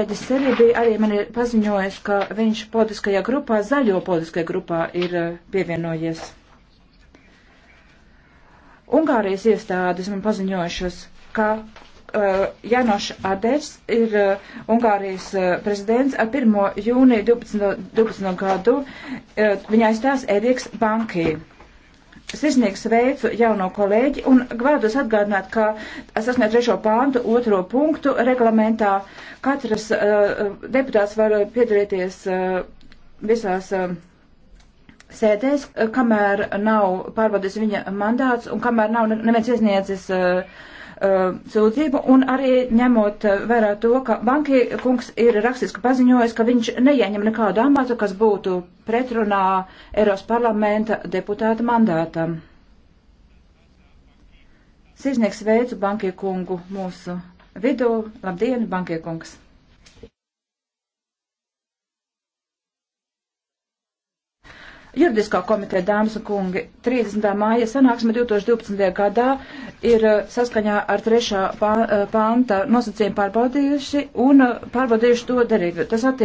kolēģis arī bija, arī man ir paziņojis, ka viņš politiskajā grupā, zaļo politiskajā grupā ir eh, pievienojies. Ungārijas iestādes man paziņojušas, ka uh, Janoš Aders ir uh, Ungārijas uh, prezidents ar 1. jūniju 12. 12. gadu. Uh, viņa aizstās Eriks Bankī. Sirsnīgs sveicu jauno kolēģi un vēlos atgādināt, ka es sasniedzu trešo pāntu, otro punktu reglamentā. Uh, Katras uh, deputāts var piedalīties uh, visās uh, sēdēs, kamēr nav pārbaudījis viņa mandāts un kamēr nav neviens iesniedzis uh, sūdzību, un arī ņemot vērā to, ka banki kungs ir rakstiski paziņojis, ka viņš neieņem nekādu amatu, kas būtu pretrunā Eiros parlamenta deputāta mandātam. Sīznieks veicu banki kungu mūsu vidū. Labdien, bankiekungs! Juridiskā komiteja, dāmas un kungi, 30. māja sanāksme 2012. gadā ir uh, saskaņā ar 3. Uh, panta nosacījumu pārbaudījuši un uh, pārbaudījuši to derību. Tas attiec